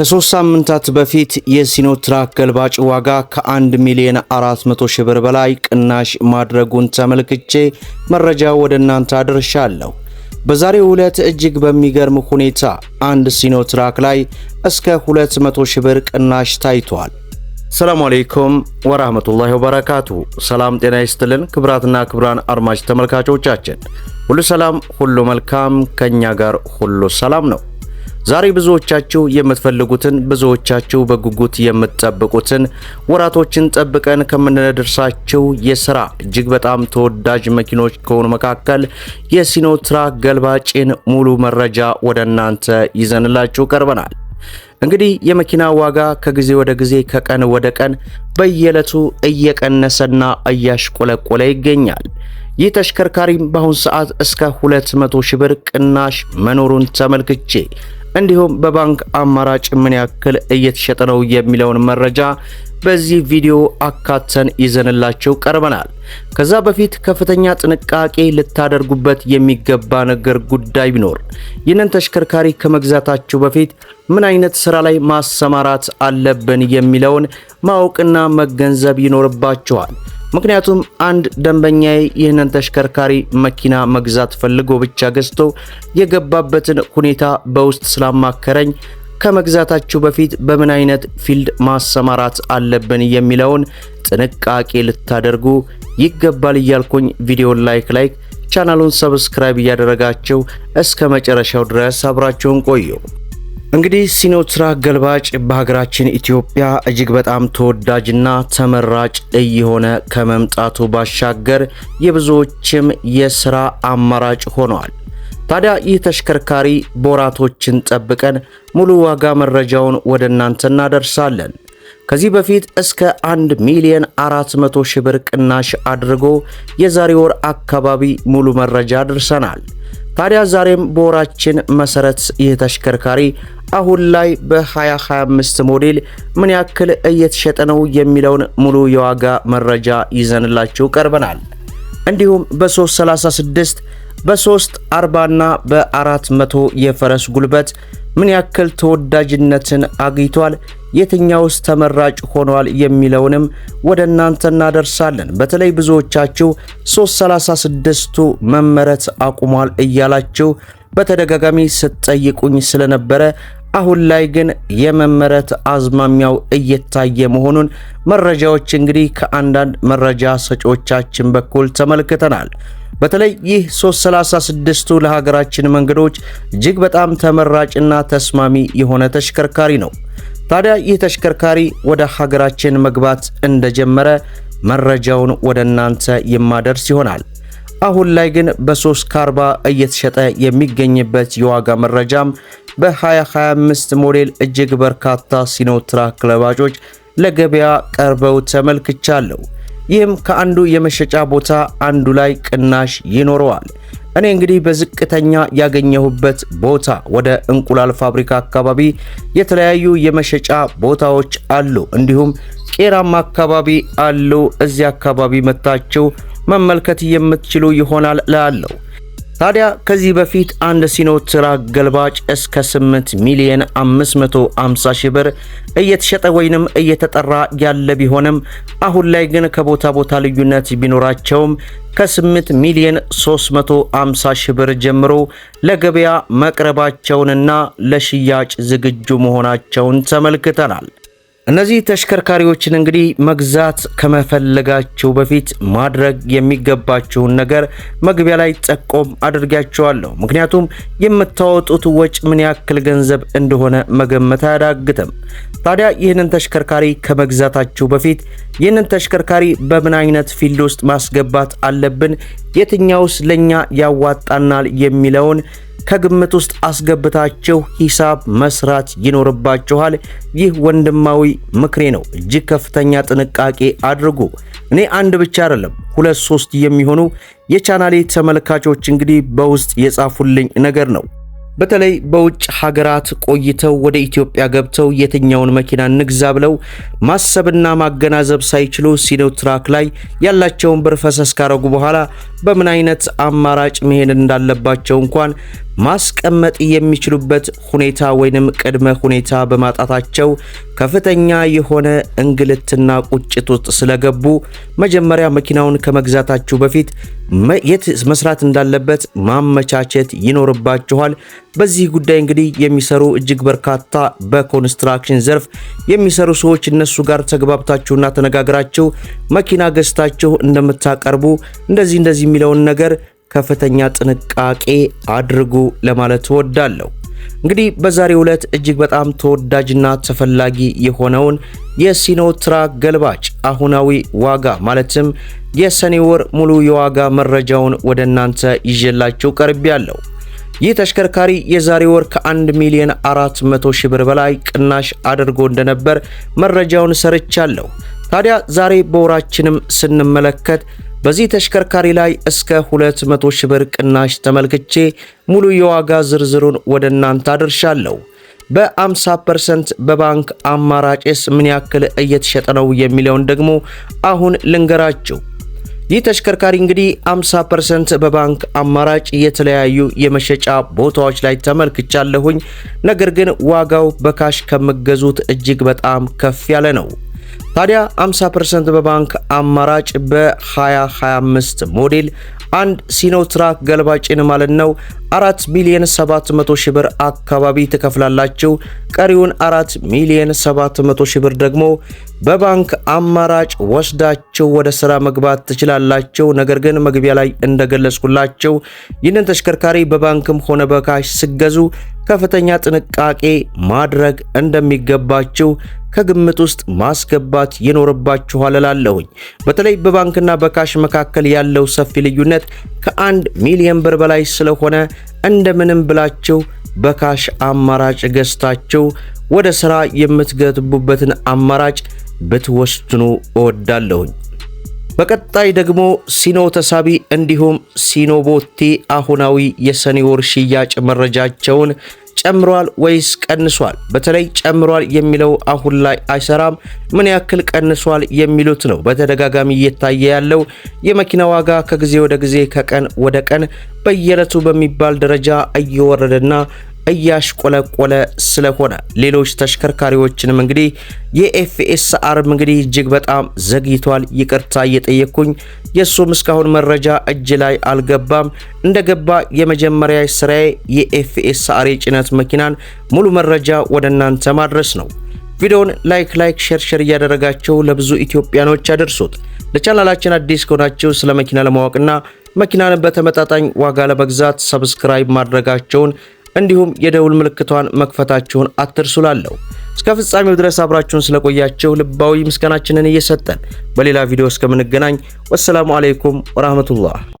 ከሶስት ሳምንታት በፊት የሲኖትራክ ገልባጭ ዋጋ ከ1 ሚሊዮን 400 ሺህ ብር በላይ ቅናሽ ማድረጉን ተመልክቼ መረጃ ወደ እናንተ አድርሻለሁ። በዛሬው ዕለት እጅግ በሚገርም ሁኔታ አንድ ሲኖትራክ ላይ እስከ 200 ሺህ ብር ቅናሽ ታይቷል። ሰላም አለይኩም ወራህመቱላሂ ወበረካቱ። ሰላም ጤና ይስጥልን ክብራትና ክብራን አድማጭ ተመልካቾቻችን ሁሉ ሰላም ሁሉ መልካም፣ ከኛ ጋር ሁሉ ሰላም ነው። ዛሬ ብዙዎቻችሁ የምትፈልጉትን ብዙዎቻችሁ በጉጉት የምትጠብቁትን ወራቶችን ጠብቀን ከምንደርሳቸው የስራ እጅግ በጣም ተወዳጅ መኪኖች ከሆኑ መካከል የሲኖትራክ ገልባጭን ሙሉ መረጃ ወደ እናንተ ይዘንላችሁ ቀርበናል። እንግዲህ የመኪና ዋጋ ከጊዜ ወደ ጊዜ ከቀን ወደ ቀን በየዕለቱ እየቀነሰና እያሽቆለቆለ ይገኛል። ይህ ተሽከርካሪም በአሁን ሰዓት እስከ 200 ሺህ ብር ቅናሽ መኖሩን ተመልክቼ እንዲሁም በባንክ አማራጭ ምን ያክል እየተሸጠ ነው የሚለውን መረጃ በዚህ ቪዲዮ አካተን ይዘንላችሁ ቀርበናል። ከዛ በፊት ከፍተኛ ጥንቃቄ ልታደርጉበት የሚገባ ነገር ጉዳይ ቢኖር ይህንን ተሽከርካሪ ከመግዛታችሁ በፊት ምን አይነት ስራ ላይ ማሰማራት አለብን የሚለውን ማወቅና መገንዘብ ይኖርባችኋል። ምክንያቱም አንድ ደንበኛዬ ይህንን ተሽከርካሪ መኪና መግዛት ፈልጎ ብቻ ገዝቶ የገባበትን ሁኔታ በውስጥ ስላማከረኝ ከመግዛታችሁ በፊት በምን አይነት ፊልድ ማሰማራት አለብን የሚለውን ጥንቃቄ ልታደርጉ ይገባል እያልኩኝ ቪዲዮን ላይክ ላይክ ቻናሉን ሰብስክራይብ እያደረጋችሁ እስከ መጨረሻው ድረስ አብራችሁን ቆዩ። እንግዲህ ሲኖትራ ገልባጭ በሀገራችን ኢትዮጵያ እጅግ በጣም ተወዳጅና ተመራጭ እየሆነ ከመምጣቱ ባሻገር የብዙዎችም የስራ አማራጭ ሆኗል። ታዲያ ይህ ተሽከርካሪ ቦራቶችን ጠብቀን ሙሉ ዋጋ መረጃውን ወደ እናንተ እናደርሳለን። ከዚህ በፊት እስከ 1 ሚሊዮን 400 ሺህ ብር ቅናሽ አድርጎ የዛሬ ወር አካባቢ ሙሉ መረጃ አድርሰናል። ታዲያ ዛሬም በወራችን መሰረት ይህ ተሽከርካሪ አሁን ላይ በ2025 ሞዴል ምን ያክል እየተሸጠ ነው የሚለውን ሙሉ የዋጋ መረጃ ይዘንላችሁ ቀርበናል። እንዲሁም በ336 በ340 እና በ400 የፈረስ ጉልበት ምን ያክል ተወዳጅነትን አግኝቷል የትኛውስ ተመራጭ ሆኗል የሚለውንም ወደ እናንተ እናደርሳለን። በተለይ ብዙዎቻችሁ 336ቱ መመረት አቁሟል እያላችሁ በተደጋጋሚ ስትጠይቁኝ ስለነበረ አሁን ላይ ግን የመመረት አዝማሚያው እየታየ መሆኑን መረጃዎች እንግዲህ ከአንዳንድ መረጃ ሰጪዎቻችን በኩል ተመልክተናል። በተለይ ይህ 336ቱ ለሀገራችን መንገዶች እጅግ በጣም ተመራጭና ተስማሚ የሆነ ተሽከርካሪ ነው። ታዲያ ይህ ተሽከርካሪ ወደ ሀገራችን መግባት እንደጀመረ መረጃውን ወደ እናንተ የማደርስ ይሆናል። አሁን ላይ ግን በ3 ካርባ እየተሸጠ የሚገኝበት የዋጋ መረጃም በ2025 ሞዴል እጅግ በርካታ ሲኖትራክ ለባጮች ለገበያ ቀርበው ተመልክቻለሁ። ይህም ከአንዱ የመሸጫ ቦታ አንዱ ላይ ቅናሽ ይኖረዋል። እኔ እንግዲህ በዝቅተኛ ያገኘሁበት ቦታ ወደ እንቁላል ፋብሪካ አካባቢ የተለያዩ የመሸጫ ቦታዎች አሉ። እንዲሁም ቄራማ አካባቢ አሉ። እዚያ አካባቢ መታችሁ መመልከት የምትችሉ ይሆናል ላለው ታዲያ ከዚህ በፊት አንድ ሲኖትራ ገልባጭ እስከ 8 ሚሊዮን 550 ሺህ ብር እየተሸጠ ወይንም እየተጠራ ያለ ቢሆንም አሁን ላይ ግን ከቦታ ቦታ ልዩነት ቢኖራቸውም ከ8 ሚሊዮን 350 ሺህ ብር ጀምሮ ለገበያ መቅረባቸውንና ለሽያጭ ዝግጁ መሆናቸውን ተመልክተናል። እነዚህ ተሽከርካሪዎችን እንግዲህ መግዛት ከመፈለጋቸው በፊት ማድረግ የሚገባቸውን ነገር መግቢያ ላይ ጠቆም አድርጊያቸዋለሁ ምክንያቱም የምታወጡት ወጭ ምን ያክል ገንዘብ እንደሆነ መገመት አያዳግትም። ታዲያ ይህንን ተሽከርካሪ ከመግዛታችሁ በፊት ይህንን ተሽከርካሪ በምን አይነት ፊልድ ውስጥ ማስገባት አለብን፣ የትኛውስ ለኛ ያዋጣናል የሚለውን ከግምት ውስጥ አስገብታቸው ሂሳብ መስራት ይኖርባችኋል። ይህ ወንድማዊ ምክሬ ነው። እጅግ ከፍተኛ ጥንቃቄ አድርጉ። እኔ አንድ ብቻ አይደለም ሁለት ሶስት የሚሆኑ የቻናሌ ተመልካቾች እንግዲህ በውስጥ የጻፉልኝ ነገር ነው። በተለይ በውጭ ሀገራት ቆይተው ወደ ኢትዮጵያ ገብተው የትኛውን መኪና ንግዛ ብለው ማሰብና ማገናዘብ ሳይችሉ ሲኖትራክ ላይ ያላቸውን ብር ፈሰስ ካረጉ በኋላ በምን አይነት አማራጭ መሄድ እንዳለባቸው እንኳን ማስቀመጥ የሚችሉበት ሁኔታ ወይንም ቅድመ ሁኔታ በማጣታቸው ከፍተኛ የሆነ እንግልትና ቁጭት ውስጥ ስለገቡ መጀመሪያ መኪናውን ከመግዛታችሁ በፊት የት መስራት እንዳለበት ማመቻቸት ይኖርባችኋል። በዚህ ጉዳይ እንግዲህ የሚሰሩ እጅግ በርካታ በኮንስትራክሽን ዘርፍ የሚሰሩ ሰዎች እነሱ ጋር ተግባብታችሁና ተነጋግራችሁ መኪና ገዝታችሁ እንደምታቀርቡ እንደዚህ እንደዚህ የሚለውን ነገር ከፍተኛ ጥንቃቄ አድርጉ ለማለት እወዳለሁ። እንግዲህ በዛሬው ዕለት እጅግ በጣም ተወዳጅና ተፈላጊ የሆነውን የሲኖትራክ ገልባጭ አሁናዊ ዋጋ ማለትም የሰኔ ወር ሙሉ የዋጋ መረጃውን ወደ እናንተ ይዤላችሁ ቀርቤያለሁ። ይህ ተሽከርካሪ የዛሬ ወር ከ1 ሚሊዮን 400 ሺህ ብር በላይ ቅናሽ አድርጎ እንደነበር መረጃውን ሰርቻለሁ። ታዲያ ዛሬ በወራችንም ስንመለከት በዚህ ተሽከርካሪ ላይ እስከ 200 ሺህ ብር ቅናሽ ተመልክቼ ሙሉ የዋጋ ዝርዝሩን ወደ እናንተ አድርሻለሁ። በ50% በባንክ አማራጭስ ምን ያክል እየተሸጠ ነው የሚለውን ደግሞ አሁን ልንገራችሁ። ይህ ተሽከርካሪ እንግዲህ 50% በባንክ አማራጭ የተለያዩ የመሸጫ ቦታዎች ላይ ተመልክቻለሁኝ። ነገር ግን ዋጋው በካሽ ከምገዙት እጅግ በጣም ከፍ ያለ ነው። ታዲያ 50% በባንክ አማራጭ በ2025 ሞዴል አንድ ሲኖትራክ ገልባጭን ማለት ነው 4 ሚሊዮን 700 ሺህ ብር አካባቢ ትከፍላላችሁ። ቀሪውን 4 ሚሊዮን 700 ሺህ ብር ደግሞ በባንክ አማራጭ ወስዳችሁ ወደ ስራ መግባት ትችላላችሁ። ነገር ግን መግቢያ ላይ እንደገለጽኩላችሁ ይህንን ተሽከርካሪ በባንክም ሆነ በካሽ ሲገዙ ከፍተኛ ጥንቃቄ ማድረግ እንደሚገባችሁ ከግምት ውስጥ ማስገባት ይኖርባችኋል እላለሁኝ። በተለይ በባንክና በካሽ መካከል ያለው ሰፊ ልዩነት ከአንድ ሚሊዮን ብር በላይ ስለሆነ እንደምንም ብላችሁ በካሽ አማራጭ ገዝታችሁ ወደ ስራ የምትገቡበትን አማራጭ ብትወስኑ እወዳለሁኝ። በቀጣይ ደግሞ ሲኖ ተሳቢ እንዲሁም ሲኖ ቦቴ አሁናዊ የሰኔ ወር ሽያጭ መረጃቸውን ጨምሯል ወይስ ቀንሷል? በተለይ ጨምሯል የሚለው አሁን ላይ አይሰራም። ምን ያክል ቀንሷል የሚሉት ነው በተደጋጋሚ እየታየ ያለው። የመኪና ዋጋ ከጊዜ ወደ ጊዜ ከቀን ወደ ቀን በየዕለቱ በሚባል ደረጃ እየወረደና እያሽቆለቆለ ስለሆነ ሌሎች ተሽከርካሪዎችንም እንግዲህ የኤፍኤስአርም እንግዲህ እጅግ በጣም ዘግይቷል። ይቅርታ እየጠየቅኩኝ የእሱም እስካሁን መረጃ እጅ ላይ አልገባም። እንደገባ የመጀመሪያ ስራዬ የኤፍኤስአር የጭነት መኪናን ሙሉ መረጃ ወደ እናንተ ማድረስ ነው። ቪዲዮውን ላይክ ላይክ ሼር ሼር እያደረጋቸው ለብዙ ኢትዮጵያኖች አድርሱት። ለቻናላችን አዲስ ከሆናችሁ ስለ መኪና ለማወቅና መኪናን በተመጣጣኝ ዋጋ ለመግዛት ሰብስክራይብ ማድረጋቸውን እንዲሁም የደውል ምልክቷን መክፈታችሁን አትርሱላለሁ። እስከ ፍጻሜው ድረስ አብራችሁን ስለቆያችሁ ልባዊ ምስጋናችንን እየሰጠን በሌላ ቪዲዮ እስከምንገናኝ ወሰላሙ አሌይኩም ወራህመቱላህ